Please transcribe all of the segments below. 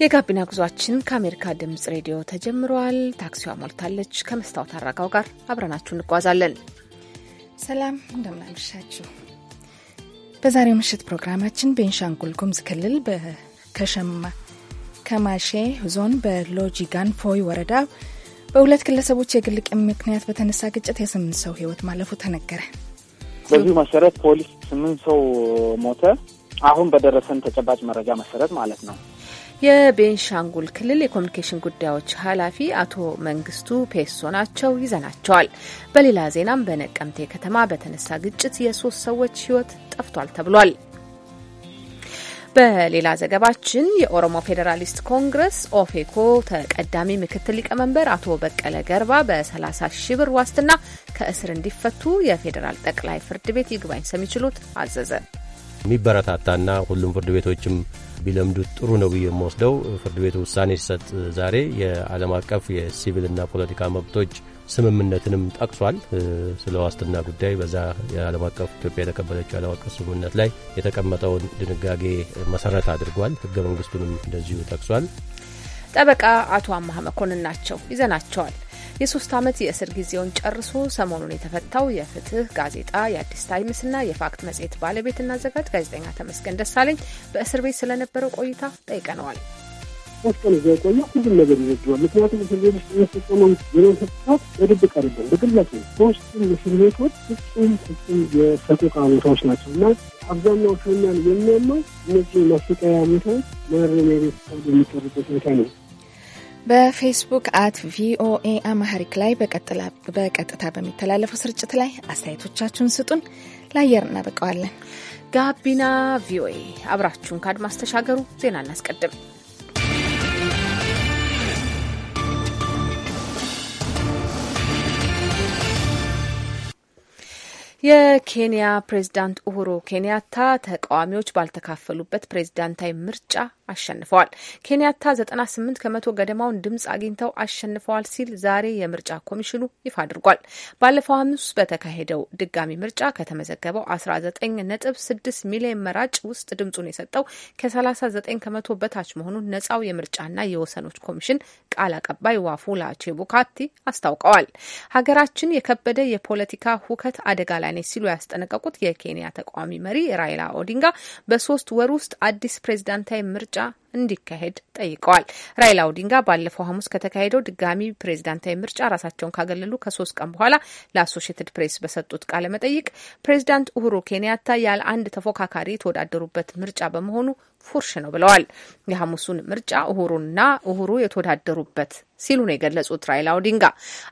የጋቢና ጉዟችን ከአሜሪካ ድምጽ ሬዲዮ ተጀምረዋል። ታክሲዋ ሞልታለች። ከመስታወት አረጋው ጋር አብረናችሁ እንጓዛለን። ሰላም እንደምናመሻችሁ። በዛሬው ምሽት ፕሮግራማችን ቤንሻንጉል ጉሙዝ ክልል ከማሼ ዞን በሎጂጋን ፎይ ወረዳ በሁለት ግለሰቦች የግል ቂም ምክንያት በተነሳ ግጭት የስምንት ሰው ህይወት ማለፉ ተነገረ። በዚሁ መሰረት ፖሊስ ስምንት ሰው ሞተ። አሁን በደረሰን ተጨባጭ መረጃ መሰረት ማለት ነው የቤንሻንጉል ክልል የኮሚኒኬሽን ጉዳዮች ኃላፊ አቶ መንግስቱ ፔሶ ናቸው። ይዘናቸዋል። በሌላ ዜናም በነቀምቴ ከተማ በተነሳ ግጭት የሶስት ሰዎች ሕይወት ጠፍቷል ተብሏል። በሌላ ዘገባችን የኦሮሞ ፌዴራሊስት ኮንግረስ ኦፌኮ ተቀዳሚ ምክትል ሊቀመንበር አቶ በቀለ ገርባ በ30 ሺ ብር ዋስትና ከእስር እንዲፈቱ የፌዴራል ጠቅላይ ፍርድ ቤት ይግባኝ ሰሚ ችሎት አዘዘ። የሚበረታታና ሁሉም ፍርድ ቤቶችም ቢለምዱት ጥሩ ነው ብዬ የምወስደው ፍርድ ቤቱ ውሳኔ ሲሰጥ ዛሬ የዓለም አቀፍ የሲቪልና ፖለቲካ መብቶች ስምምነትንም ጠቅሷል። ስለ ዋስትና ጉዳይ በዛ የዓለም አቀፍ ኢትዮጵያ የተቀበለችው ዓለም አቀፍ ስምምነት ላይ የተቀመጠውን ድንጋጌ መሰረት አድርጓል። ህገ መንግስቱንም እንደዚሁ ጠቅሷል። ጠበቃ አቶ አማሀ መኮንን ናቸው። ይዘናቸዋል። የሶስት ዓመት የእስር ጊዜውን ጨርሶ ሰሞኑን የተፈታው የፍትህ ጋዜጣ የአዲስ ታይምስና የፋክት መጽሔት ባለቤትና አዘጋጅ ጋዜጠኛ ተመስገን ደሳለኝ በእስር ቤት ስለነበረው ቆይታ ጠይቀነዋል። ሶስት ቀን እዚያ የቆየ ሁሉም ነገር ይዘግባል። ምክንያቱም እስር ቤት ውስጥ የሚፈጸመው በድብቅ አይደለም፣ ነው። ሶስቱም እስር ቤቶች ፍጹም ፍጹም የሰቆቃ ቦታዎች ናቸው እና አብዛኛው እነዚህ ማሰቃያ ቦታዎች ማረሚያ ቤት የሚቀርበት ሁኔታ ነው። በፌስቡክ አት ቪኦኤ አማሐሪክ ላይ በቀጥታ በሚተላለፈው ስርጭት ላይ አስተያየቶቻችሁን ስጡን፣ ለአየር እናበቀዋለን። ጋቢና ቪኦኤ አብራችሁን ከአድማስ ተሻገሩ። ዜና እናስቀድም። የኬንያ ፕሬዝዳንት ኡሁሩ ኬንያታ ተቃዋሚዎች ባልተካፈሉበት ፕሬዝዳንታዊ ምርጫ አሸንፈዋል። ኬንያታ 98 ከመቶ ገደማውን ድምፅ አግኝተው አሸንፈዋል ሲል ዛሬ የምርጫ ኮሚሽኑ ይፋ አድርጓል። ባለፈው ሐሙስ በተካሄደው ድጋሚ ምርጫ ከተመዘገበው 19.6 ሚሊዮን መራጭ ውስጥ ድምፁን የሰጠው ከ39 ከመቶ በታች መሆኑን ነጻው የምርጫና የወሰኖች ኮሚሽን ቃል አቀባይ ዋፉላ ቼቡካቲ አስታውቀዋል። ሀገራችን የከበደ የፖለቲካ ሁከት አደጋ ላይ ላይ ነች ሲሉ ያስጠነቀቁት የኬንያ ተቃዋሚ መሪ ራይላ ኦዲንጋ በሶስት ወር ውስጥ አዲስ ፕሬዝዳንታዊ ምርጫ እንዲካሄድ ጠይቀዋል። ራይላ ኦዲንጋ ባለፈው ሐሙስ ከተካሄደው ድጋሚ ፕሬዝዳንታዊ ምርጫ ራሳቸውን ካገለሉ ከሶስት ቀን በኋላ ለአሶሽትድ ፕሬስ በሰጡት ቃለ መጠይቅ ፕሬዝዳንት ኡሁሩ ኬንያታ ያለ አንድ ተፎካካሪ የተወዳደሩበት ምርጫ በመሆኑ ፉርሽ ነው ብለዋል። የሐሙሱን ምርጫ እሁሩና እሁሩ የተወዳደሩበት ሲሉ ነው የገለጹት ራይላ ኦዲንጋ።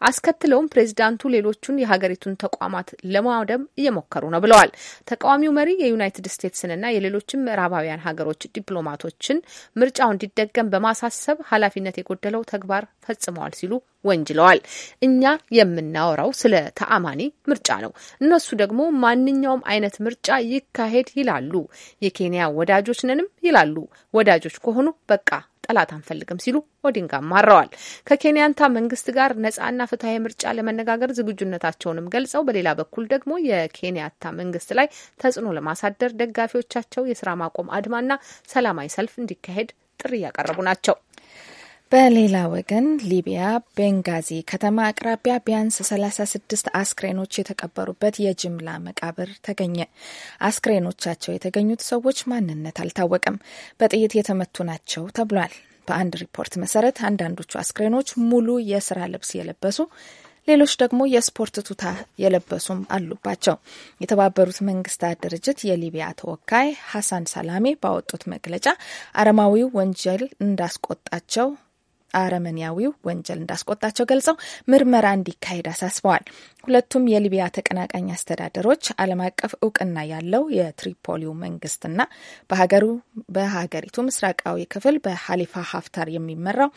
አስከትለውም ፕሬዚዳንቱ ሌሎቹን የሀገሪቱን ተቋማት ለማውደም እየሞከሩ ነው ብለዋል። ተቃዋሚው መሪ የዩናይትድ ስቴትስንና የሌሎችም ምዕራባውያን ሀገሮች ዲፕሎማቶችን ምርጫው እንዲደገም በማሳሰብ ኃላፊነት የጎደለው ተግባር ፈጽመዋል ሲሉ ወንጅለዋል። እኛ የምናወራው ስለ ተአማኒ ምርጫ ነው፣ እነሱ ደግሞ ማንኛውም አይነት ምርጫ ይካሄድ ይላሉ። የኬንያ ወዳጆች ነንም ይላሉ። ወዳጆች ከሆኑ በቃ ጠላት አንፈልግም ሲሉ ኦዲንጋ ማረዋል። ከኬንያንታ መንግስት ጋር ነጻና ፍትሐዊ ምርጫ ለመነጋገር ዝግጁነታቸውንም ገልጸው በሌላ በኩል ደግሞ የኬንያታ መንግስት ላይ ተጽዕኖ ለማሳደር ደጋፊዎቻቸው የስራ ማቆም አድማና ሰላማዊ ሰልፍ እንዲካሄድ ጥሪ እያቀረቡ ናቸው። በሌላ ወገን ሊቢያ ቤንጋዚ ከተማ አቅራቢያ ቢያንስ 36 አስክሬኖች የተቀበሩበት የጅምላ መቃብር ተገኘ። አስክሬኖቻቸው የተገኙት ሰዎች ማንነት አልታወቀም፣ በጥይት የተመቱ ናቸው ተብሏል። በአንድ ሪፖርት መሰረት አንዳንዶቹ አስክሬኖች ሙሉ የስራ ልብስ የለበሱ ሌሎች ደግሞ የስፖርት ቱታ የለበሱም አሉባቸው። የተባበሩት መንግስታት ድርጅት የሊቢያ ተወካይ ሀሳን ሰላሜ ባወጡት መግለጫ አረማዊው ወንጀል እንዳስቆጣቸው አረመኔያዊው ወንጀል እንዳስቆጣቸው ገልጸው ምርመራ እንዲካሄድ አሳስበዋል። ሁለቱም የሊቢያ ተቀናቃኝ አስተዳደሮች ዓለም አቀፍ እውቅና ያለው የትሪፖሊው መንግስትና በሀገሩ በሀገሪቱ ምስራቃዊ ክፍል በሀሊፋ ሀፍታር የሚመራው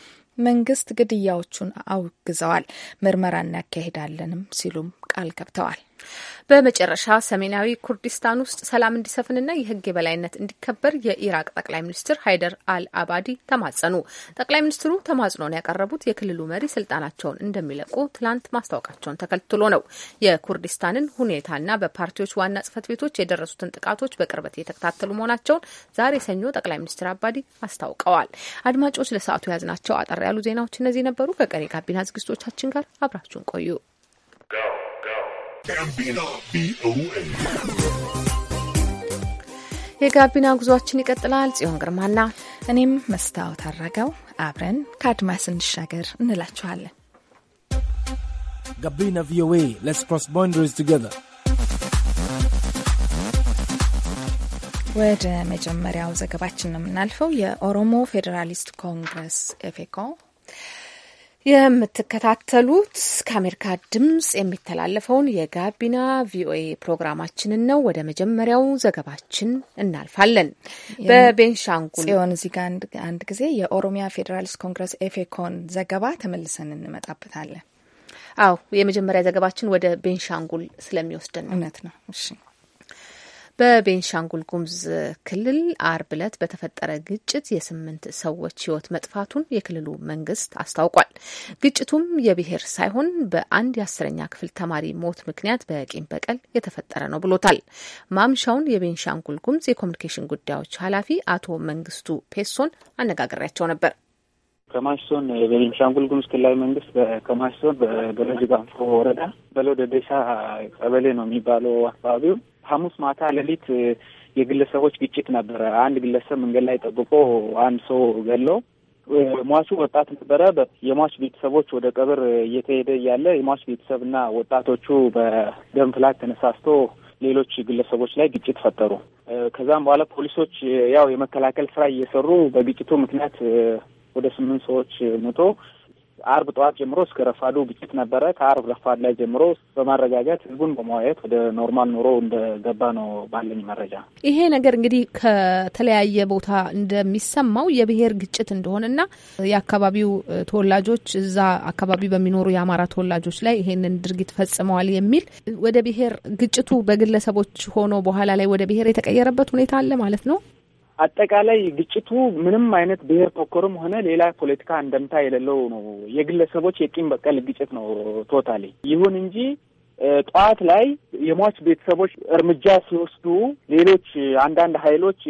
መንግስት ግድያዎቹን አውግዘዋል። ምርመራ እናካሄዳለንም ሲሉም ቃል ገብተዋል። በመጨረሻ ሰሜናዊ ኩርዲስታን ውስጥ ሰላም እንዲሰፍንና የሕግ የበላይነት እንዲከበር የኢራቅ ጠቅላይ ሚኒስትር ሃይደር አል አባዲ ተማጸኑ። ጠቅላይ ሚኒስትሩ ተማጽኖን ያቀረቡት የክልሉ መሪ ስልጣናቸውን እንደሚለቁ ትላንት ማስታወቃቸውን ተከትሎ ነው። የኩርዲስታንን ሁኔታና በፓርቲዎች ዋና ጽህፈት ቤቶች የደረሱትን ጥቃቶች በቅርበት የተከታተሉ መሆናቸውን ዛሬ ሰኞ ጠቅላይ ሚኒስትር አባዲ አስታውቀዋል። አድማጮች ለሰዓቱ የያዝናቸው አጠር ያሉ ዜናዎች እነዚህ ነበሩ። ከቀሪ ጋቢና ዝግጅቶቻችን ጋር አብራችሁን ቆዩ። ጋቢና ቪኦኤ የጋቢና ጉዟችን ይቀጥላል። ጽዮን ግርማና እኔም መስታወት አድረገው አብረን ከአድማስ እንሻገር እንላችኋለን። ጋቢና ቪኦኤ ሌትስ ክሮስ ቦንደሪስ ቱጌዘር። ወደ መጀመሪያው ዘገባችን ነው የምናልፈው። የኦሮሞ ፌዴራሊስት ኮንግረስ ኤፌኮ የምትከታተሉት ከአሜሪካ ድምጽ የሚተላለፈውን የጋቢና ቪኦኤ ፕሮግራማችንን ነው። ወደ መጀመሪያው ዘገባችን እናልፋለን። በቤንሻንጉል ጽዮን እዚህ ጋር አንድ ጊዜ የኦሮሚያ ፌዴራልስ ኮንግረስ ኤፌኮን ዘገባ ተመልሰን እንመጣበታለን። አው የመጀመሪያ ዘገባችን ወደ ቤንሻንጉል ስለሚወስደን እውነት ነው። እሺ በቤንሻንጉል ጉሙዝ ክልል አርብ ዕለት በተፈጠረ ግጭት የስምንት ሰዎች ህይወት መጥፋቱን የክልሉ መንግስት አስታውቋል። ግጭቱም የብሔር ሳይሆን በአንድ የአስረኛ ክፍል ተማሪ ሞት ምክንያት በቂም በቀል የተፈጠረ ነው ብሎታል። ማምሻውን የቤንሻንጉል ጉሙዝ የኮሚኒኬሽን ጉዳዮች ኃላፊ አቶ መንግስቱ ፔሶን አነጋግሬያቸው ነበር። ከማሽ ዞን በቤንሻንጉል ጉሙዝ ክልላዊ መንግስት ከማሽ ዞን በደረጅ ወረዳ በሎደደሻ ቀበሌ ነው የሚባለው አካባቢው ሐሙስ ማታ ሌሊት የግለሰቦች ግጭት ነበረ። አንድ ግለሰብ መንገድ ላይ ጠብቆ አንድ ሰው ገሎ ሟቹ ወጣት ነበረ። የሟች ቤተሰቦች ወደ ቀብር እየተሄደ እያለ የሟች ቤተሰብና ወጣቶቹ በደም ፍላጎት ተነሳስቶ ሌሎች ግለሰቦች ላይ ግጭት ፈጠሩ። ከዛም በኋላ ፖሊሶች ያው የመከላከል ስራ እየሰሩ በግጭቱ ምክንያት ወደ ስምንት ሰዎች ሞቶ አርብ ጠዋት ጀምሮ እስከ ረፋዱ ግጭት ነበረ። ከአርብ ረፋድ ላይ ጀምሮ በማረጋጋት ህዝቡን በማዋየት ወደ ኖርማል ኑሮ እንደገባ ነው ባለኝ መረጃ። ይሄ ነገር እንግዲህ ከተለያየ ቦታ እንደሚሰማው የብሔር ግጭት እንደሆነና የአካባቢው ተወላጆች እዛ አካባቢ በሚኖሩ የአማራ ተወላጆች ላይ ይሄንን ድርጊት ፈጽመዋል የሚል ወደ ብሔር ግጭቱ በግለሰቦች ሆኖ በኋላ ላይ ወደ ብሔር የተቀየረበት ሁኔታ አለ ማለት ነው። አጠቃላይ ግጭቱ ምንም አይነት ብሔር ተኮርም ሆነ ሌላ ፖለቲካ እንደምታ የሌለው ነው። የግለሰቦች የቂም በቀል ግጭት ነው ቶታሊ። ይሁን እንጂ ጠዋት ላይ የሟች ቤተሰቦች እርምጃ ሲወስዱ ሌሎች አንዳንድ ኃይሎች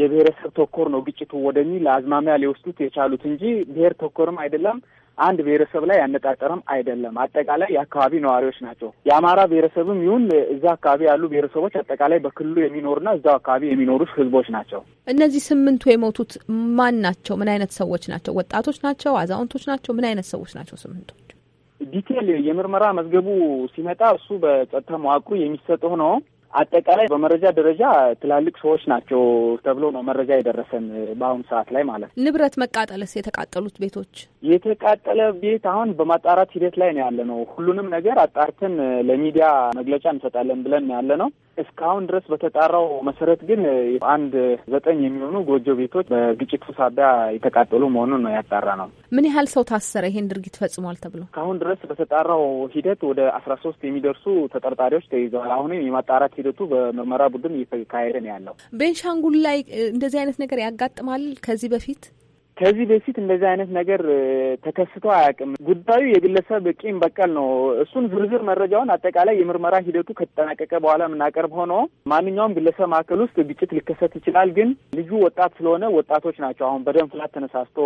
የብሔረሰብ ተኮር ነው ግጭቱ ወደሚል አዝማሚያ ሊወስዱት የቻሉት እንጂ ብሔር ተኮርም አይደለም። አንድ ብሔረሰብ ላይ ያነጣጠረም አይደለም። አጠቃላይ የአካባቢ ነዋሪዎች ናቸው። የአማራ ብሔረሰብም ይሁን እዛ አካባቢ ያሉ ብሔረሰቦች አጠቃላይ በክልሉ የሚኖሩና እዛው አካባቢ የሚኖሩት ህዝቦች ናቸው። እነዚህ ስምንቱ የሞቱት ማን ናቸው? ምን አይነት ሰዎች ናቸው? ወጣቶች ናቸው? አዛውንቶች ናቸው? ምን አይነት ሰዎች ናቸው ስምንቱ? ዲቴል የምርመራ መዝገቡ ሲመጣ እሱ በጸጥታ መዋቅሩ የሚሰጥ ሆኖ አጠቃላይ በመረጃ ደረጃ ትላልቅ ሰዎች ናቸው ተብሎ ነው መረጃ የደረሰን በአሁኑ ሰዓት ላይ ማለት ነው። ንብረት መቃጠልስ? የተቃጠሉት ቤቶች የተቃጠለ ቤት አሁን በማጣራት ሂደት ላይ ነው ያለ ነው። ሁሉንም ነገር አጣርተን ለሚዲያ መግለጫ እንሰጣለን ብለን ያለ ነው። እስካሁን ድረስ በተጣራው መሰረት ግን አንድ ዘጠኝ የሚሆኑ ጎጆ ቤቶች በግጭቱ ሳቢያ የተቃጠሉ መሆኑን ነው ያጣራ ነው። ምን ያህል ሰው ታሰረ ይሄን ድርጊት ፈጽሟል ተብሎ? እስካሁን ድረስ በተጣራው ሂደት ወደ አስራ ሶስት የሚደርሱ ተጠርጣሪዎች ተይዘዋል። አሁንም የማጣራት ሂደቱ በምርመራ ቡድን እየተካሄደ ነው ያለው። ቤንሻንጉል ላይ እንደዚህ አይነት ነገር ያጋጥማል ከዚህ በፊት ከዚህ በፊት እንደዚህ አይነት ነገር ተከስቶ አያውቅም። ጉዳዩ የግለሰብ ቂም በቀል ነው። እሱን ዝርዝር መረጃውን አጠቃላይ የምርመራ ሂደቱ ከተጠናቀቀ በኋላ የምናቀርብ ሆኖ ማንኛውም ግለሰብ ማዕከል ውስጥ ግጭት ሊከሰት ይችላል። ግን ልጁ ወጣት ስለሆነ ወጣቶች ናቸው አሁን በደም ፍላት ተነሳስቶ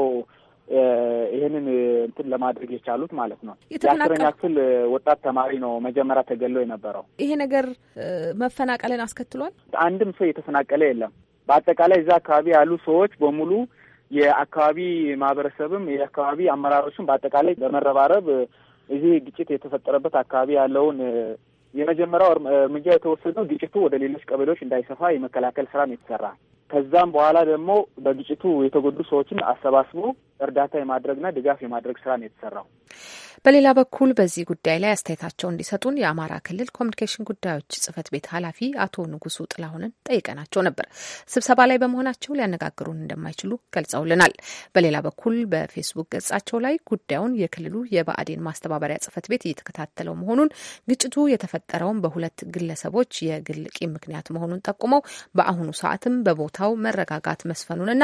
ይህንን እንትን ለማድረግ የቻሉት ማለት ነው። የአስረኛ ክፍል ወጣት ተማሪ ነው መጀመሪያ ተገሎ የነበረው። ይሄ ነገር መፈናቀልን አስከትሏል። አንድም ሰው የተፈናቀለ የለም። በአጠቃላይ እዛ አካባቢ ያሉ ሰዎች በሙሉ የአካባቢ ማህበረሰብም የአካባቢ አመራሮችም በአጠቃላይ በመረባረብ እዚህ ግጭት የተፈጠረበት አካባቢ ያለውን የመጀመሪያው እርምጃ የተወሰደው ግጭቱ ወደ ሌሎች ቀበሌዎች እንዳይሰፋ የመከላከል ስራ ነው የተሰራ። ከዛም በኋላ ደግሞ በግጭቱ የተጎዱ ሰዎችን አሰባስቦ እርዳታ የማድረግና ድጋፍ የማድረግ ስራ ነው የተሰራው። በሌላ በኩል በዚህ ጉዳይ ላይ አስተያየታቸው እንዲሰጡን የአማራ ክልል ኮሚኒኬሽን ጉዳዮች ጽህፈት ቤት ኃላፊ አቶ ንጉሱ ጥላሁንን ጠይቀናቸው ነበር። ስብሰባ ላይ በመሆናቸው ሊያነጋግሩን እንደማይችሉ ገልጸውልናል። በሌላ በኩል በፌስቡክ ገጻቸው ላይ ጉዳዩን የክልሉ የብአዴን ማስተባበሪያ ጽህፈት ቤት እየተከታተለው መሆኑን፣ ግጭቱ የተፈጠረውን በሁለት ግለሰቦች የግል ቂም ምክንያት መሆኑን ጠቁመው በአሁኑ ሰዓትም በቦታው መረጋጋት መስፈኑንና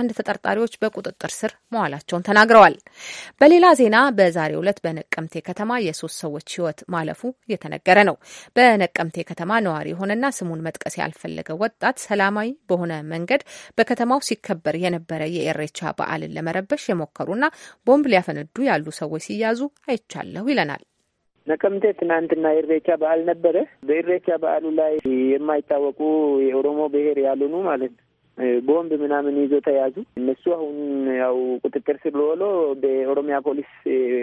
አንድ ተጠርጣሪዎች በቁጥጥር ስር መዋላቸውን ተናግረዋል። በሌላ ዜና በዛሬው ዕለት በነቀምቴ ከተማ የሶስት ሰዎች ህይወት ማለፉ እየተነገረ ነው። በነቀምቴ ከተማ ነዋሪ የሆነና ስሙን መጥቀስ ያልፈለገ ወጣት ሰላማዊ በሆነ መንገድ በከተማው ሲከበር የነበረ የኤሬቻ በዓልን ለመረበሽ የሞከሩና ቦምብ ሊያፈነዱ ያሉ ሰዎች ሲያዙ አይቻለሁ ይለናል። ነቀምቴ ትናንትና ኢሬቻ በዓል ነበረ። በኢሬቻ በዓሉ ላይ የማይታወቁ የኦሮሞ ብሔር ያልሆኑ ማለት ነው ቦምብ ምናምን ይዞ ተያዙ። እነሱ አሁን ያው ቁጥጥር ስር ሆኖ በኦሮሚያ ፖሊስ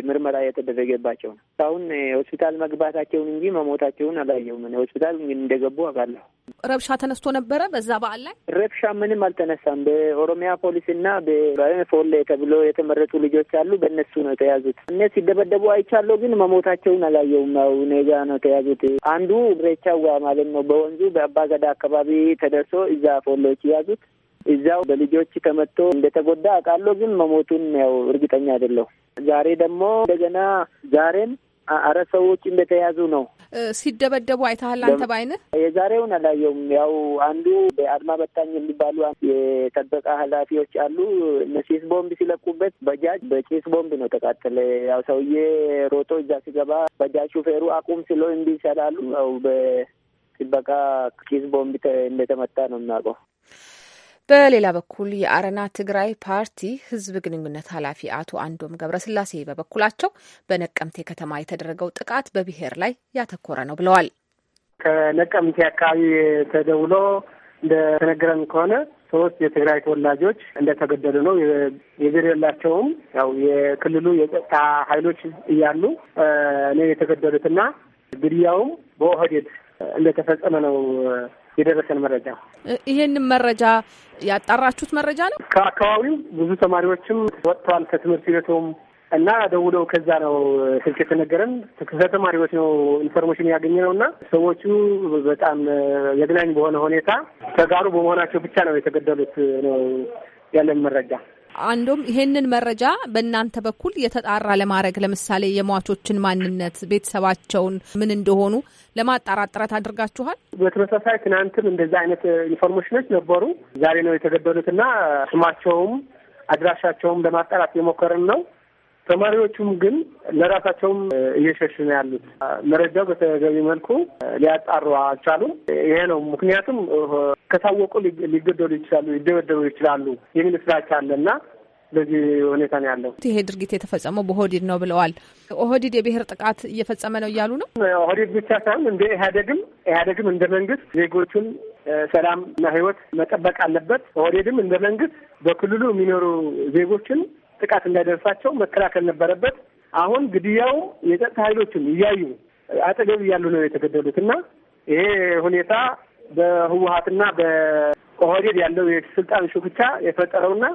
ምርመራ የተደረገባቸው ነው። አሁን ሆስፒታል መግባታቸውን እንጂ መሞታቸውን አላየሁም። ሆስፒታል እንደገቡ አውቃለሁ። ረብሻ ተነስቶ ነበረ በዛ በዓል ላይ ረብሻ ምንም አልተነሳም። በኦሮሚያ ፖሊስ እና በፎሌ ተብሎ የተመረጡ ልጆች አሉ። በእነሱ ነው የተያዙት። እነ ሲደበደቡ አይቻለሁ፣ ግን መሞታቸውን አላየውም። ያው ኔጋ ነው የተያዙት። አንዱ ሬቻዋ ማለት ነው በወንዙ በአባገዳ አካባቢ ተደርሶ እዛ ፎሎች ያዙት። እዚያው በልጆች ተመቶ እንደተጎዳ አውቃለሁ፣ ግን መሞቱን ያው እርግጠኛ አይደለሁ። ዛሬ ደግሞ እንደገና ዛሬም አራት ሰዎች እንደተያዙ ነው። ሲደበደቡ አይተሃል አንተ በአይንህ? የዛሬውን አላየውም። ያው አንዱ በአድማ በታኝ የሚባሉ የጠበቃ ኃላፊዎች አሉ። ጭስ ቦምብ ሲለቁበት በጃጅ በጭስ ቦምብ ነው ተቃጠለ። ያው ሰውዬ ሮጦ እዛ ሲገባ በጃጅ ሹፌሩ አቁም ስሎ እንዲ ይሰላሉ። ያው በጥበቃ ጭስ ቦምብ እንደተመታ ነው የሚያውቀው። በሌላ በኩል የአረና ትግራይ ፓርቲ ህዝብ ግንኙነት ኃላፊ አቶ አንዶም ገብረስላሴ በበኩላቸው በነቀምቴ ከተማ የተደረገው ጥቃት በብሔር ላይ ያተኮረ ነው ብለዋል። ከነቀምቴ አካባቢ ተደውሎ እንደተነገረን ከሆነ ሶስት የትግራይ ተወላጆች እንደተገደሉ ነው። የብሔር የላቸውም። ያው የክልሉ የጸጥታ ኃይሎች እያሉ ነው የተገደሉትና ግድያውም በኦህዴድ እንደተፈጸመ ነው የደረሰን መረጃ። ይሄንን መረጃ ያጣራችሁት መረጃ ነው? ከአካባቢው ብዙ ተማሪዎችም ወጥተዋል ከትምህርት ቤቱም እና ደውለው ከዛ ነው ስልክ የተነገረን። ከተማሪዎች ነው ኢንፎርሜሽን ያገኘ ነው እና ሰዎቹ በጣም ዘግናኝ በሆነ ሁኔታ ተጋሩ በመሆናቸው ብቻ ነው የተገደሉት ነው ያለን መረጃ። አንዱም ይሄንን መረጃ በእናንተ በኩል የተጣራ ለማድረግ ለምሳሌ የሟቾችን ማንነት፣ ቤተሰባቸውን ምን እንደሆኑ ለማጣራት ጥረት አድርጋችኋል? በተመሳሳይ ትናንትም እንደዛ አይነት ኢንፎርሜሽኖች ነበሩ። ዛሬ ነው የተገደሉትና ስማቸውም አድራሻቸውም ለማጣራት የሞከርን ነው። ተማሪዎቹም ግን ለራሳቸውም እየሸሽ ነው ያሉት። መረጃው በተገቢ መልኩ ሊያጣሩ አልቻሉም። ይሄ ነው ምክንያቱም ከታወቁ ሊገደሉ ይችላሉ፣ ሊደበደቡ ይችላሉ የሚል ስራች አለ በዚህ ሁኔታ ነው ያለው። ይሄ ድርጊት የተፈጸመው በኦህዴድ ነው ብለዋል። ኦህዴድ የብሔር ጥቃት እየፈጸመ ነው እያሉ ነው። ኦህዴድ ብቻ ሳይሆን እንደ ኢህአዴግም ኢህአዴግም እንደ መንግስት ዜጎቹን ሰላምና ህይወት መጠበቅ አለበት። ኦህዴድም እንደ መንግስት በክልሉ የሚኖሩ ዜጎችን ጥቃት እንዳይደርሳቸው መከላከል ነበረበት። አሁን ግድያው የጸጥታ ኃይሎችም እያዩ አጠገብ እያሉ ነው የተገደሉት እና ይሄ ሁኔታ በህወሀትና በኦህዴድ ያለው የስልጣን ሹክቻ የፈጠረውና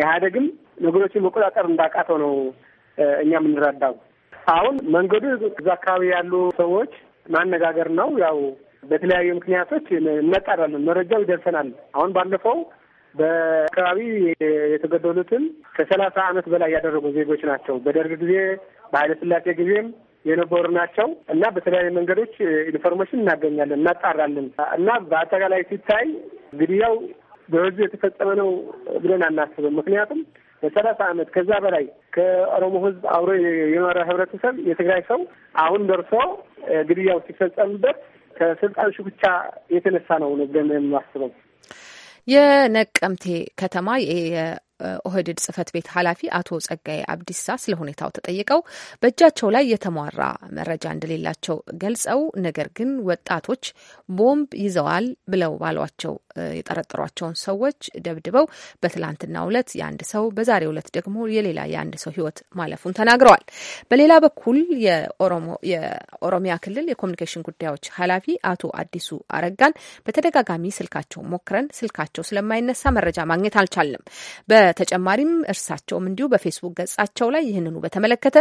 ኢህአዴግም ነገሮችን መቆጣጠር እንዳቃተው ነው እኛ የምንረዳው። አሁን መንገዱ እዛ አካባቢ ያሉ ሰዎች ማነጋገር ነው። ያው በተለያዩ ምክንያቶች እናጣራለን፣ መረጃው ይደርሰናል። አሁን ባለፈው በአካባቢ የተገደሉትን ከሰላሳ አመት በላይ ያደረጉ ዜጎች ናቸው። በደርግ ጊዜ በኃይለ ስላሴ ጊዜም የነበሩ ናቸው እና በተለያዩ መንገዶች ኢንፎርሜሽን እናገኛለን፣ እናጣራለን እና በአጠቃላይ ሲታይ ግድያው በህዝብ የተፈጸመ ነው ብለን አናስብም። ምክንያቱም በሰላሳ ዓመት ከዛ በላይ ከኦሮሞ ህዝብ አብሮ የኖረ ህብረተሰብ የትግራይ ሰው አሁን ደርሶ ግድያው ሲፈጸምበት ከስልጣን ሽኩቻ የተነሳ ነው ነው ብለን የማስበው። የነቀምቴ ከተማ ኦህድድ ጽህፈት ቤት ኃላፊ አቶ ጸጋዬ አብዲሳ ስለ ሁኔታው ተጠይቀው በእጃቸው ላይ የተሟራ መረጃ እንደሌላቸው ገልጸው ነገር ግን ወጣቶች ቦምብ ይዘዋል ብለው ባሏቸው የጠረጠሯቸውን ሰዎች ደብድበው በትላንትናው ዕለት የአንድ ሰው በዛሬው ዕለት ደግሞ የሌላ የአንድ ሰው ህይወት ማለፉን ተናግረዋል። በሌላ በኩል የኦሮሚያ ክልል የኮሚኒኬሽን ጉዳዮች ኃላፊ አቶ አዲሱ አረጋን በተደጋጋሚ ስልካቸው ሞክረን ስልካቸው ስለማይነሳ መረጃ ማግኘት አልቻልንም። በተጨማሪም እርሳቸውም እንዲሁ በፌስቡክ ገጻቸው ላይ ይህንኑ በተመለከተ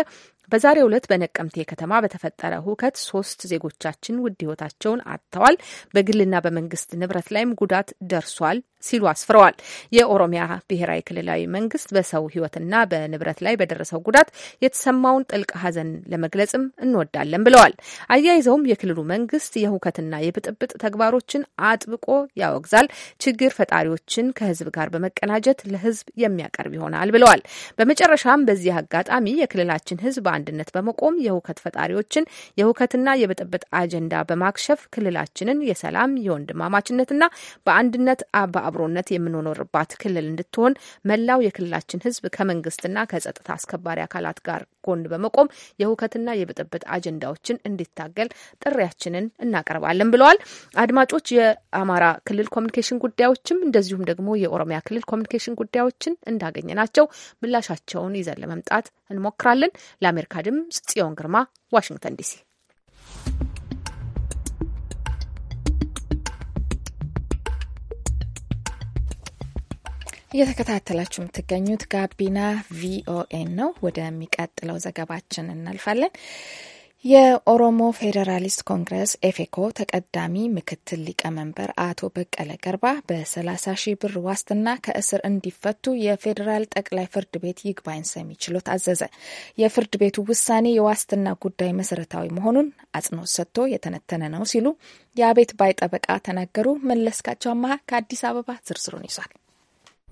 በዛሬው ዕለት በነቀምቴ ከተማ በተፈጠረ ሁከት ሶስት ዜጎቻችን ውድ ህይወታቸውን አጥተዋል፣ በግልና በመንግስት ንብረት ላይም ጉዳት ደርሷል ሲሉ አስፍረዋል። የኦሮሚያ ብሔራዊ ክልላዊ መንግስት በሰው ህይወትና በንብረት ላይ በደረሰው ጉዳት የተሰማውን ጥልቅ ሐዘን ለመግለጽም እንወዳለን ብለዋል። አያይዘውም የክልሉ መንግስት የሁከትና የብጥብጥ ተግባሮችን አጥብቆ ያወግዛል፣ ችግር ፈጣሪዎችን ከህዝብ ጋር በመቀናጀት ለህዝብ የሚያቀርብ ይሆናል ብለዋል። በመጨረሻም በዚህ አጋጣሚ የክልላችን ህዝብ በአንድነት በመቆም የሁከት ፈጣሪዎችን የሁከትና የብጥብጥ አጀንዳ በማክሸፍ ክልላችንን የሰላም የወንድማማችነትና በአንድነት በአብሮነት የምንኖርባት ክልል እንድትሆን መላው የክልላችን ህዝብ ከመንግስትና ከጸጥታ አስከባሪ አካላት ጋር ጎን በመቆም የሁከትና የብጥብጥ አጀንዳዎችን እንዲታገል ጥሪያችንን እናቀርባለን ብለዋል። አድማጮች የአማራ ክልል ኮሚኒኬሽን ጉዳዮችም እንደዚሁም ደግሞ የኦሮሚያ ክልል ኮሚኒኬሽን ጉዳዮችን እንዳገኘ ናቸው ምላሻቸውን ይዘን ለመምጣት እንሞክራለን። ለአሜሪካ ድምጽ ጽዮን ግርማ ዋሽንግተን ዲሲ እየተከታተላችሁ የምትገኙት ጋቢና ቪኦኤን ነው። ወደሚቀጥለው ዘገባችን እናልፋለን። የኦሮሞ ፌዴራሊስት ኮንግረስ ኤፌኮ ተቀዳሚ ምክትል ሊቀመንበር አቶ በቀለ ገርባ በ30 ሺህ ብር ዋስትና ከእስር እንዲፈቱ የፌዴራል ጠቅላይ ፍርድ ቤት ይግባኝ ሰሚ ችሎት አዘዘ። የፍርድ ቤቱ ውሳኔ የዋስትና ጉዳይ መሰረታዊ መሆኑን አጽንኦት ሰጥቶ የተነተነ ነው ሲሉ የአቤት ባይ ጠበቃ ተናገሩ። መለስካቸው አመሀ ከአዲስ አበባ ዝርዝሩን ይዟል።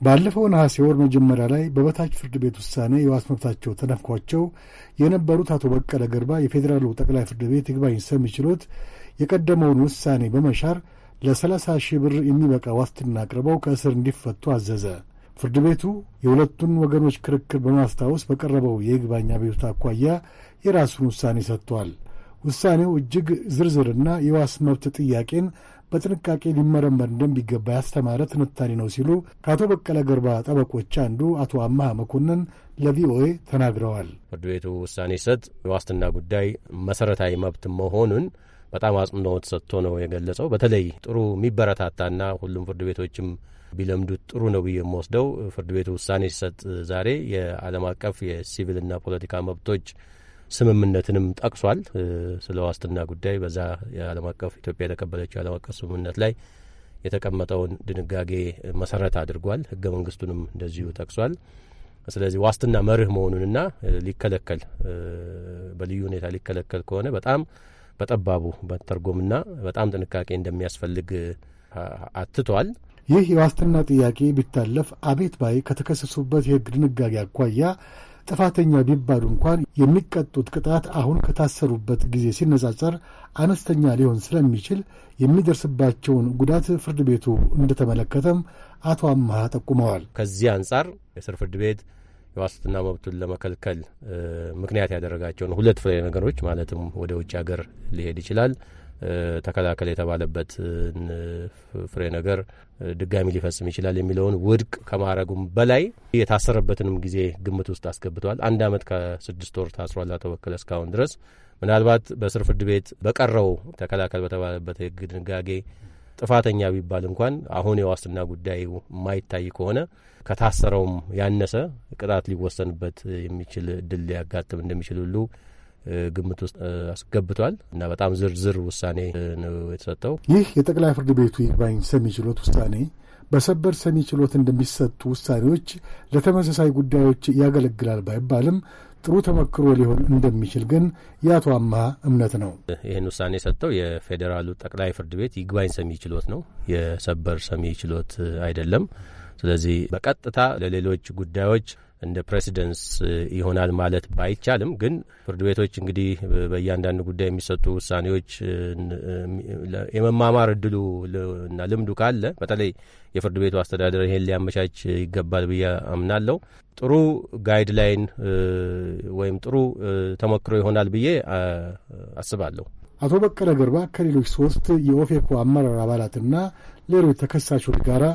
ባለፈው ነሐሴ ወር መጀመሪያ ላይ በበታች ፍርድ ቤት ውሳኔ የዋስ መብታቸው ተነፍኳቸው የነበሩት አቶ በቀለ ገርባ የፌዴራሉ ጠቅላይ ፍርድ ቤት ይግባኝ ሰሚ ችሎት የቀደመውን ውሳኔ በመሻር ለሰላሳ ሺህ ብር የሚበቃ ዋስትና አቅርበው ከእስር እንዲፈቱ አዘዘ። ፍርድ ቤቱ የሁለቱን ወገኖች ክርክር በማስታወስ በቀረበው የይግባኝ አቤቱታ አኳያ የራሱን ውሳኔ ሰጥቷል። ውሳኔው እጅግ ዝርዝርና የዋስ መብት ጥያቄን በጥንቃቄ ሊመረመር እንደሚገባ ያስተማረ ትንታኔ ነው ሲሉ ከአቶ በቀለ ገርባ ጠበቆች አንዱ አቶ አማሃ መኮንን ለቪኦኤ ተናግረዋል። ፍርድ ቤቱ ውሳኔ ሲሰጥ የዋስትና ጉዳይ መሰረታዊ መብት መሆኑን በጣም አጽንኦት ሰጥቶ ነው የገለጸው። በተለይ ጥሩ የሚበረታታና ሁሉም ፍርድ ቤቶችም ቢለምዱት ጥሩ ነው ብዬ የምወስደው ፍርድ ቤቱ ውሳኔ ሲሰጥ ዛሬ የዓለም አቀፍ የሲቪልና ፖለቲካ መብቶች ስምምነትንም ጠቅሷል። ስለ ዋስትና ጉዳይ በዛ የዓለም አቀፍ ኢትዮጵያ የተቀበለችው የዓለም አቀፍ ስምምነት ላይ የተቀመጠውን ድንጋጌ መሰረት አድርጓል። ህገ መንግስቱንም እንደዚሁ ጠቅሷል። ስለዚህ ዋስትና መርህ መሆኑንና ሊከለከል በልዩ ሁኔታ ሊከለከል ከሆነ በጣም በጠባቡ በተርጎምና በጣም ጥንቃቄ እንደሚያስፈልግ አትቷል። ይህ የዋስትና ጥያቄ ቢታለፍ አቤት ባይ ከተከሰሱበት የህግ ድንጋጌ አኳያ ጥፋተኛ ቢባሉ እንኳን የሚቀጡት ቅጣት አሁን ከታሰሩበት ጊዜ ሲነጻጸር አነስተኛ ሊሆን ስለሚችል የሚደርስባቸውን ጉዳት ፍርድ ቤቱ እንደተመለከተም አቶ አምሃ ጠቁመዋል። ከዚህ አንጻር የስር ፍርድ ቤት የዋስትና መብቱን ለመከልከል ምክንያት ያደረጋቸውን ሁለት ፍሬ ነገሮች ማለትም ወደ ውጭ ሀገር ሊሄድ ይችላል ተከላከል የተባለበትን ፍሬ ነገር ድጋሚ ሊፈጽም ይችላል የሚለውን ውድቅ ከማድረጉም በላይ የታሰረበትንም ጊዜ ግምት ውስጥ አስገብቷል። አንድ አመት ከስድስት ወር ታስሯል አቶ እስካሁን ድረስ ምናልባት በስር ፍርድ ቤት በቀረው ተከላከል በተባለበት የህግ ድንጋጌ ጥፋተኛ ቢባል እንኳን አሁን የዋስትና ጉዳዩ የማይታይ ከሆነ ከታሰረውም ያነሰ ቅጣት ሊወሰንበት የሚችል እድል ሊያጋጥም እንደሚችል ሁሉ ግምት ውስጥ አስገብቷል እና በጣም ዝርዝር ውሳኔ ነው የተሰጠው። ይህ የጠቅላይ ፍርድ ቤቱ ይግባኝ ሰሚ ችሎት ውሳኔ በሰበር ሰሚ ችሎት እንደሚሰጡ ውሳኔዎች ለተመሳሳይ ጉዳዮች ያገለግላል ባይባልም ጥሩ ተመክሮ ሊሆን እንደሚችል ግን የአቶ አማ እምነት ነው። ይህን ውሳኔ የሰጠው የፌዴራሉ ጠቅላይ ፍርድ ቤት ይግባኝ ሰሚ ችሎት ነው፣ የሰበር ሰሚ ችሎት አይደለም። ስለዚህ በቀጥታ ለሌሎች ጉዳዮች እንደ ፕሬሲደንስ ይሆናል ማለት ባይቻልም ግን ፍርድ ቤቶች እንግዲህ በእያንዳንዱ ጉዳይ የሚሰጡ ውሳኔዎች የመማማር እድሉ እና ልምዱ ካለ በተለይ የፍርድ ቤቱ አስተዳደር ይሄን ሊያመቻች ይገባል ብዬ አምናለሁ። ጥሩ ጋይድላይን ወይም ጥሩ ተሞክሮ ይሆናል ብዬ አስባለሁ። አቶ በቀለ ገርባ ከሌሎች ሶስት የኦፌኮ አመራር አባላትና ሌሎች ተከሳሾች ጋራ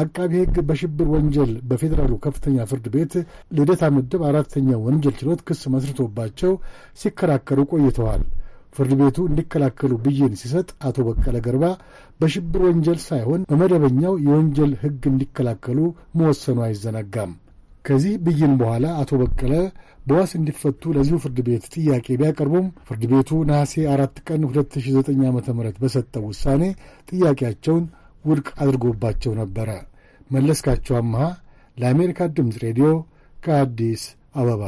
አቃቢ ሕግ በሽብር ወንጀል በፌዴራሉ ከፍተኛ ፍርድ ቤት ልደታ ምድብ አራተኛው ወንጀል ችሎት ክስ መስርቶባቸው ሲከራከሩ ቆይተዋል። ፍርድ ቤቱ እንዲከላከሉ ብይን ሲሰጥ አቶ በቀለ ገርባ በሽብር ወንጀል ሳይሆን በመደበኛው የወንጀል ሕግ እንዲከላከሉ መወሰኑ አይዘነጋም። ከዚህ ብይን በኋላ አቶ በቀለ በዋስ እንዲፈቱ ለዚሁ ፍርድ ቤት ጥያቄ ቢያቀርቡም ፍርድ ቤቱ ነሐሴ አራት ቀን 2009 ዓ ም በሰጠው ውሳኔ ጥያቄያቸውን ውድቅ አድርጎባቸው ነበረ። መለስካቸው አምሃ ለአሜሪካ ድምፅ ሬዲዮ ከአዲስ አበባ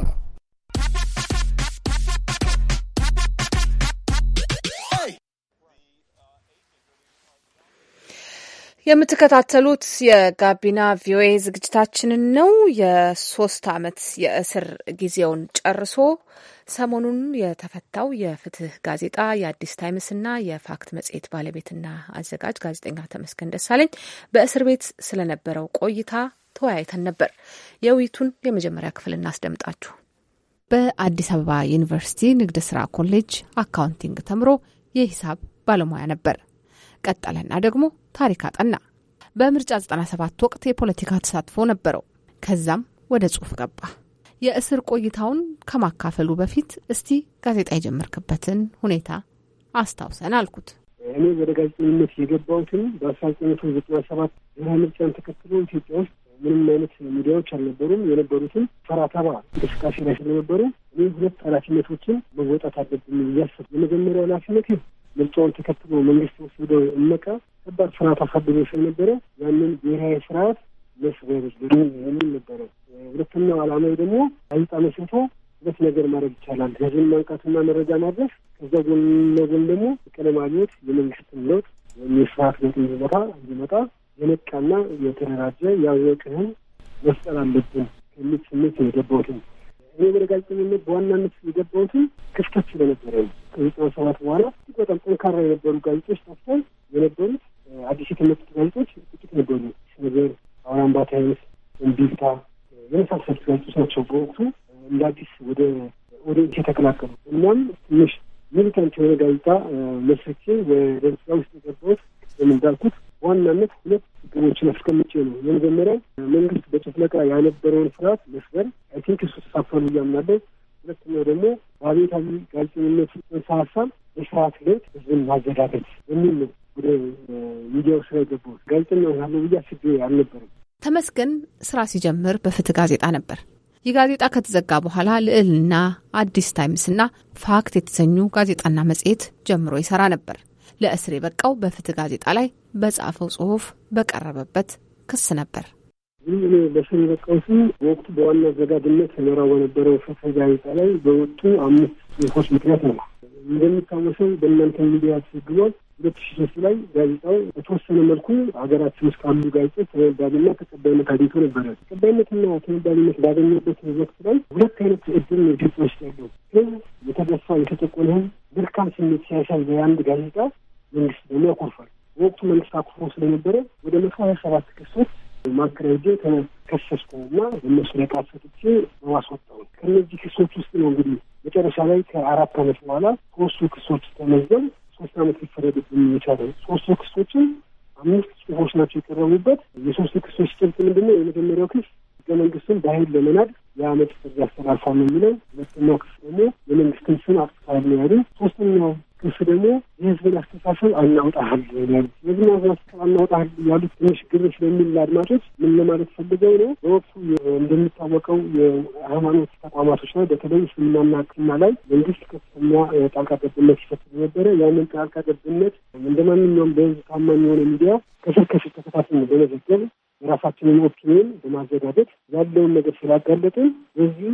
የምትከታተሉት የጋቢና ቪኦኤ ዝግጅታችንን ነው። የሶስት ዓመት የእስር ጊዜውን ጨርሶ ሰሞኑን የተፈታው የፍትህ ጋዜጣ የአዲስ ታይምስና የፋክት መጽሔት ባለቤትና አዘጋጅ ጋዜጠኛ ተመስገን ደሳለኝ በእስር ቤት ስለነበረው ቆይታ ተወያይተን ነበር። የውይይቱን የመጀመሪያ ክፍል እናስደምጣችሁ። በአዲስ አበባ ዩኒቨርሲቲ ንግድ ስራ ኮሌጅ አካውንቲንግ ተምሮ የሂሳብ ባለሙያ ነበር። ቀጠለና ደግሞ ታሪክ አጠና። በምርጫ 97 ወቅት የፖለቲካ ተሳትፎ ነበረው። ከዛም ወደ ጽሁፍ ገባ። የእስር ቆይታውን ከማካፈሉ በፊት እስቲ ጋዜጣ የጀመርክበትን ሁኔታ አስታውሰን አልኩት። እኔ ወደ ጋዜጠኝነት የገባሁትን በአስራ ዘጠኝ መቶ ዘጠና ሰባት ብሔራዊ ምርጫን ተከትሎ ኢትዮጵያ ውስጥ ምንም አይነት ሚዲያዎች አልነበሩም። የነበሩትን ፈራተባ እንቅስቃሴ ላይ ስለነበሩ እኔ ሁለት ኃላፊነቶችን መወጣት አለብኝ እያሰብ የመጀመሪያው ኃላፊነት ምርጫውን ተከትሎ መንግስት ወስዶ እመቃ ከባድ ስርዓት አሳድሮ ስለነበረ ያንን ብሔራዊ ስርዓት መስበሮች የሚል ነበረ። ሁለተኛው አላማዊ ደግሞ ጋዜጣ መስርቶ ሁለት ነገር ማድረግ ይቻላል። ህዝብን ማንቃትና መረጃ ማድረስ፣ ከዛ ጎን ለጎን ደግሞ ቀለም አብዮት የመንግስትን ለውጥ ወይም የስርዓት ለውጥ እንዲመጣ እንዲመጣ የነቃና የተደራጀ ያወቅህን መፍጠር አለብን የሚል ስሜት ነው እኔ ወደ ጋዜጠኝነት በዋናነት ክፍተት ስለነበረ ነው። ከዘጠና ሰባት በኋላ በጣም ጠንካራ የነበሩ ጋዜጦች ጠፍተው የነበሩት አዲስ የተመጡት የተከላከሉ። እናም ትንሽ ሚሊታንት የሆነ ጋዜጣ መስርቼ ወደ ስራ ውስጥ የገባሁት እንዳልኩት በዋናነት ሁለት ግቦችን አስቀምጬ ነው። የመጀመሪያው መንግስት በጭፍለቃ ያነበረውን ስርዓት መስበር፣ አይ ቲንክ እሱ ተሳፈሉ እያምናለሁ። ሁለተኛው ደግሞ በአቤታዊ ጋዜጠኝነት ጽንሰ ሀሳብ የስርዓት ለውጥ ህዝብን ማዘጋጀት የሚል ነው። ወደ ሚዲያው ስራ የገባሁት ጋዜጠኛ ሆናለሁ ብዬ አስቤ አልነበረም። ተመስገን ስራ ሲጀምር በፍትህ ጋዜጣ ነበር። የጋዜጣ ከተዘጋ በኋላ ልዕልና፣ አዲስ ታይምስና ፋክት የተሰኙ ጋዜጣና መጽሔት ጀምሮ ይሰራ ነበር። ለእስር የበቃው በፍትህ ጋዜጣ ላይ በጻፈው ጽሁፍ በቀረበበት ክስ ነበር። ይህ እኔ የበቃው ስም ወቅቱ በዋና አዘጋጅነት እመራው በነበረው ፍትህ ጋዜጣ ላይ በወጡ አምስት ጽሑፎች ምክንያት ነው። እንደሚታወሰው በእናንተ ሚዲያ ተዘግቧል። ሁለት ሺ ሶስት ላይ ጋዜጣው በተወሰነ መልኩ ሀገራችን ውስጥ ካሉ ጋዜጦች ተወዳጅና ተቀባይነት አግኝቶ ነበረ። ተቀባይነትና ተወዳጅነት ባገኘበት ወቅት ላይ ሁለት አይነት እድል ነው ኢትዮጵያ ውስጥ ያለው ህዝብ የተገፋ የተጨቆነ ህዝብ መልካም ስሜት ሲያሳይ የአንድ ጋዜጣ መንግስት ደግሞ ያኮርፋል። ወቅቱ መንግስት አኩርፎ ስለነበረ ወደ መቶ ሀያ ሰባት ክሶች ማከራጀ ተከሰስኩ እና እነሱ ላይ ቃል ሰጥቼ ከእነዚህ ክሶች ውስጥ ነው እንግዲህ መጨረሻ ላይ ከአራት ዓመት በኋላ ሶስቱ ክሶች ተመዘን ሶስት ዓመት ሊፈረድብኝ የቻለ ሶስቱ ክሶችን አምስት ጽሁፎች ናቸው የቀረቡበት። የሶስቱ ክሶች ጭብጥ ምንድነው? የመጀመሪያው ክስ ህገ መንግስትን በኃይል ለመናድ የአመፅ ጥሪ አስተላልፏል ነው የሚለው። ሁለተኛው ክስ ደግሞ የመንግስትን ስም አጥፍቷል ነው ያሉ። ሶስተኛው እሱ ደግሞ የህዝብን አስተሳሰብ አናውጣሃል ይላሉ። የህዝብን አስተሳሰብ አናውጣሃል ያሉት ትንሽ ግር ስለሚል ለአድማጮች ምን ለማለት ፈልገው ነው? በወቅቱ እንደሚታወቀው የሃይማኖት ተቋማቶች ላይ በተለይ እስልምናና ክርስትና ላይ መንግስት ከፍተኛ ጣልቃ ገብነት ሲፈጽም ነበረ። ያንን ጣልቃ ገብነት እንደ ማንኛውም በህዝብ ታማኝ የሆነ ሚዲያ ከስር ከስር ተከታትለን በመዘገብ የራሳችንን ኦፒኒየን በማዘጋጀት ያለውን ነገር ስላጋለጥን በዚህ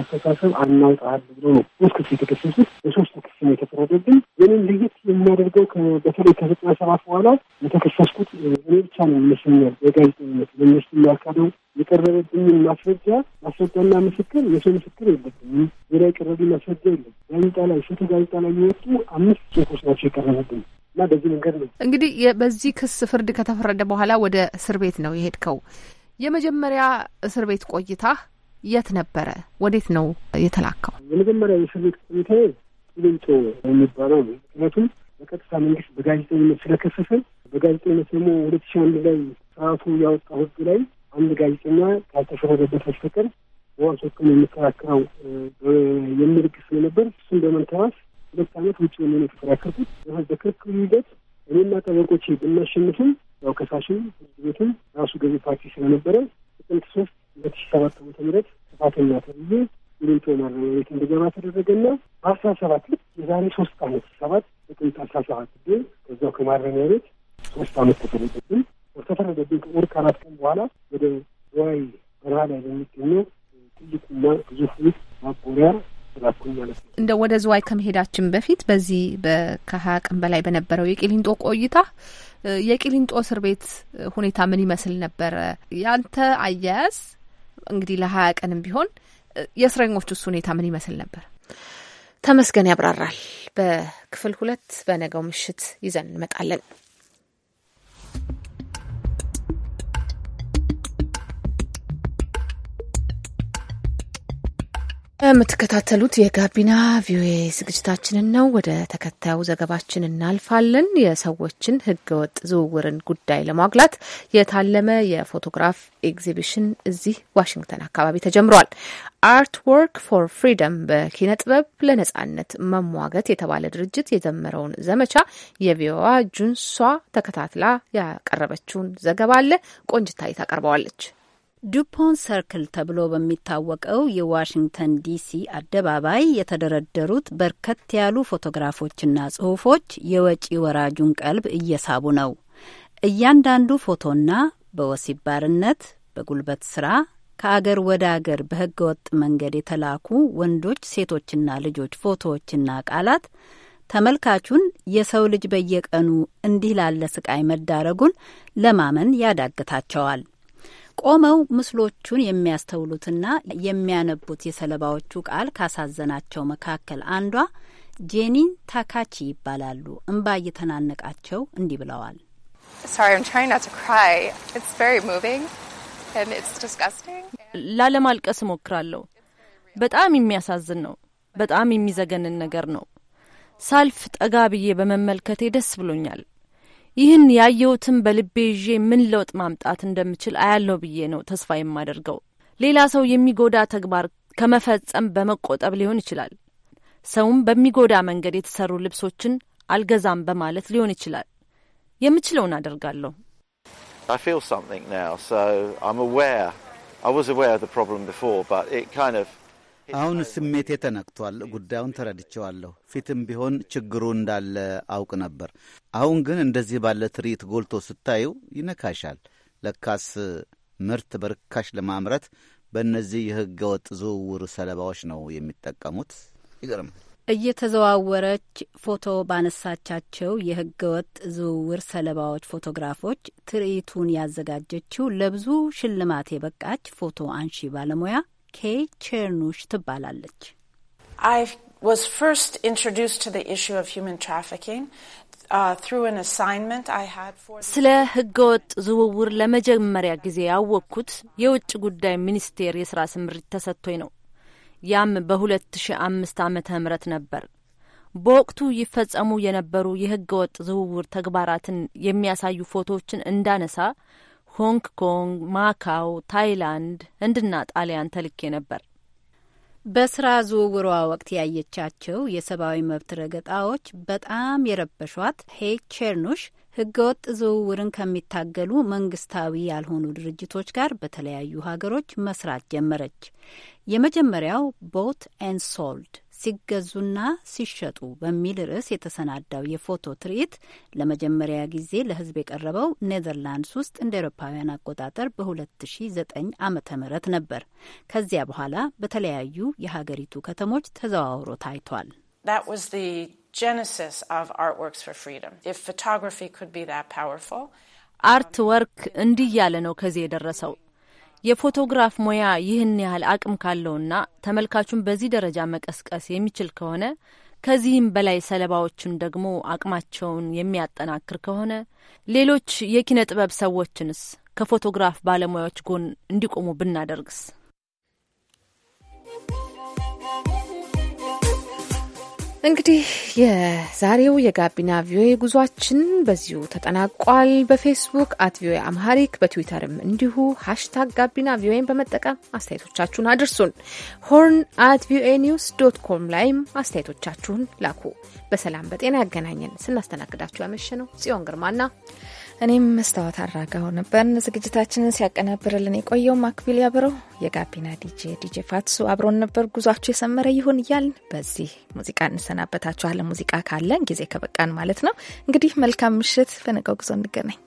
አስተሳሰብ አናውጣል ብሎ ነው ሶስት ክፍል የተከሰሱት። በሶስት ክፍል የተፈረደብን። ይህንን ለየት የሚያደርገው በተለይ ከዘጠና ሰባት በኋላ የተከሰስኩት እኔ ብቻ ነው ይመስለኛል። በጋዜጠኝነት መንግስት የሚያካደው የቀረበብኝን ማስረጃ ማስረጃና ምስክር የሰው ምስክር የለብኝም። ሌላ የቀረብኝ ማስረጃ የለም። ጋዜጣ ላይ ፎቶ ጋዜጣ ላይ የወጡ አምስት ጽሁፎች ናቸው የቀረበብኝ እና በዚህ መንገድ ነው እንግዲህ በዚህ ክስ ፍርድ ከተፈረደ በኋላ ወደ እስር ቤት ነው የሄድከው። የመጀመሪያ እስር ቤት ቆይታ የት ነበረ? ወዴት ነው የተላከው? የመጀመሪያ የእስር ቤት ቆይታ ቂሊንጦ የሚባለው ነው። ምክንያቱም በቀጥታ መንግስት በጋዜጠኝነት ስለከሰሰ በጋዜጠኝነት ደግሞ ሁለት ሺህ አንድ ላይ ስርዓቱ ያወጣ ህግ ላይ አንድ ጋዜጠኛ ካልተፈረደበት በስተቀር በዋስ ወቅም የሚከራከረው የሚል ህግ ስለነበር እሱም በመንተራስ ሁለት ዓመት ውጭ የሚሆን የተከራከርኩት በክርክሩ ሂደት እኔና ጠበቆቼ ብናሸንፍም ያው ከሳሽም ፍርድ ቤቱም ራሱ ገዢ ፓርቲ ስለነበረ ጥቅምት ሶስት ሁለት ሺ ሰባት ዓመተ ምህረት ጥፋተኛ ተብዬ ቂሊንጦ ማረሚያ ቤት እንድገባ ተደረገና በአስራ ሰባት ልክ የዛሬ ሶስት አመት ሰባት ጥቅምት አስራ ሰባት ግን ከዛው ከማረሚያ ቤት ሶስት አመት ተፈረደብን። ከተፈረደብን ከወር ከአራት ቀን በኋላ ወደ ዋይ በረሃ ላይ በሚገኘው ትልቁና ግዙፍ ማጎሪያ እንደ ወደ ዝዋይ ከመሄዳችን በፊት በዚህ ከሀያ ቀን በላይ በነበረው የቂሊንጦ ቆይታ የቂሊንጦ እስር ቤት ሁኔታ ምን ይመስል ነበረ? ያንተ አያያዝ እንግዲህ ለሀያ ቀንም ቢሆን የእስረኞች ውስጥ ሁኔታ ምን ይመስል ነበር? ተመስገን ያብራራል። በክፍል ሁለት በነገው ምሽት ይዘን እንመጣለን። የምትከታተሉት የጋቢና ቪኦኤ ዝግጅታችንን ነው። ወደ ተከታዩ ዘገባችን እናልፋለን። የሰዎችን ህገወጥ ዝውውርን ጉዳይ ለማጉላት የታለመ የፎቶግራፍ ኤግዚቢሽን እዚህ ዋሽንግተን አካባቢ ተጀምሯል። አርት ወርክ ፎር ፍሪደም በኪነ ጥበብ ለነጻነት መሟገት የተባለ ድርጅት የጀመረውን ዘመቻ የቪኦኤዋ ጁንሷ ተከታትላ ያቀረበችውን ዘገባ አለ ቆንጅታይ ታቀርበዋለች። ዱፖን ሰርክል ተብሎ በሚታወቀው የዋሽንግተን ዲሲ አደባባይ የተደረደሩት በርከት ያሉ ፎቶግራፎችና ጽሑፎች የወጪ ወራጁን ቀልብ እየሳቡ ነው። እያንዳንዱ ፎቶና በወሲብ ባርነት፣ በጉልበት ስራ፣ ከአገር ወደ አገር በህገ ወጥ መንገድ የተላኩ ወንዶች ሴቶችና ልጆች ፎቶዎችና ቃላት ተመልካቹን የሰው ልጅ በየቀኑ እንዲህ ላለ ስቃይ መዳረጉን ለማመን ያዳግታቸዋል። ቆመው ምስሎቹን የሚያስተውሉትና የሚያነቡት የሰለባዎቹ ቃል ካሳዘናቸው መካከል አንዷ ጄኒን ታካቺ ይባላሉ። እንባ እየተናነቃቸው እንዲህ ብለዋል። ላለማልቀስ እሞክራለሁ። በጣም የሚያሳዝን ነው። በጣም የሚዘገንን ነገር ነው። ሳልፍ ጠጋ ብዬ በመመልከቴ ደስ ብሎኛል። ይህን ያየሁትን በልቤ ይዤ ምን ለውጥ ማምጣት እንደምችል አያለው ብዬ ነው ተስፋ የማደርገው። ሌላ ሰው የሚጎዳ ተግባር ከመፈጸም በመቆጠብ ሊሆን ይችላል። ሰውም በሚጎዳ መንገድ የተሰሩ ልብሶችን አልገዛም በማለት ሊሆን ይችላል። የምችለውን አደርጋለሁ። አሁን ስሜቴ ተነክቷል። ጉዳዩን ተረድቸዋለሁ ፊትም ቢሆን ችግሩ እንዳለ አውቅ ነበር። አሁን ግን እንደዚህ ባለ ትርኢት ጎልቶ ስታዩ ይነካሻል። ለካስ ምርት በርካሽ ለማምረት በእነዚህ የህገ ወጥ ዝውውር ሰለባዎች ነው የሚጠቀሙት። ይገርም እየተዘዋወረች ፎቶ ባነሳቻቸው የህገ ወጥ ዝውውር ሰለባዎች ፎቶግራፎች ትርኢቱን ያዘጋጀችው ለብዙ ሽልማት የበቃች ፎቶ አንሺ ባለሙያ ኬይ ቼርኑሽ ትባላለች። uh, ስለ ህገወጥ ዝውውር ለመጀመሪያ ጊዜ ያወቅኩት የውጭ ጉዳይ ሚኒስቴር የስራ ስምሪት ተሰጥቶኝ ነው። ያም በ2005 ዓመተ ምህረት ነበር። በወቅቱ ይፈጸሙ የነበሩ የህገወጥ ዝውውር ተግባራትን የሚያሳዩ ፎቶዎችን እንዳነሳ ሆንግ ኮንግ፣ ማካው፣ ታይላንድ፣ ህንድና ጣሊያን ተልኬ ነበር። በስራ ዝውውሯ ወቅት ያየቻቸው የሰብአዊ መብት ረገጣዎች በጣም የረበሿት ሄ ቼርኑሽ ህገወጥ ዝውውርን ከሚታገሉ መንግስታዊ ያልሆኑ ድርጅቶች ጋር በተለያዩ ሀገሮች መስራት ጀመረች። የመጀመሪያው ቦት ኤን ሶልድ ሲገዙና ሲሸጡ በሚል ርዕስ የተሰናዳው የፎቶ ትርኢት ለመጀመሪያ ጊዜ ለሕዝብ የቀረበው ኔዘርላንድስ ውስጥ እንደ ኤሮፓውያን አቆጣጠር በ2009 ዓመተ ምህረት ነበር። ከዚያ በኋላ በተለያዩ የሀገሪቱ ከተሞች ተዘዋውሮ ታይቷል። አርትወርክ እንዲህ ያለ ነው ከዚህ የደረሰው የፎቶግራፍ ሙያ ይህን ያህል አቅም ካለውና ተመልካቹን በዚህ ደረጃ መቀስቀስ የሚችል ከሆነ ከዚህም በላይ ሰለባዎችን ደግሞ አቅማቸውን የሚያጠናክር ከሆነ ሌሎች የኪነ ጥበብ ሰዎችንስ ከፎቶግራፍ ባለሙያዎች ጎን እንዲቆሙ ብናደርግስ? እንግዲህ የዛሬው የጋቢና ቪዮኤ ጉዟችን በዚሁ ተጠናቋል። በፌስቡክ አት ቪዮኤ አምሃሪክ በትዊተርም እንዲሁ ሀሽታግ ጋቢና ቪዮኤን በመጠቀም አስተያየቶቻችሁን አድርሱን። ሆርን አት ቪኦኤ ኒውስ ዶት ኮም ላይም አስተያየቶቻችሁን ላኩ። በሰላም በጤና ያገናኘን። ስናስተናግዳችሁ ያመሸ ነው ጽዮን ግርማና እኔም መስታወት አራጋው ነበር። ዝግጅታችንን ሲያቀናብርልን የቆየው ማክቢል ያብረው፣ የጋቢና ዲጄ ዲጄ ፋትሱ አብሮን ነበር። ጉዟችሁ የሰመረ ይሁን እያልን በዚህ ሙዚቃ እንሰናበታችኋለን። ሙዚቃ ካለን ጊዜ ከበቃን ማለት ነው። እንግዲህ መልካም ምሽት፣ በነገው ጉዞ እንገናኝ።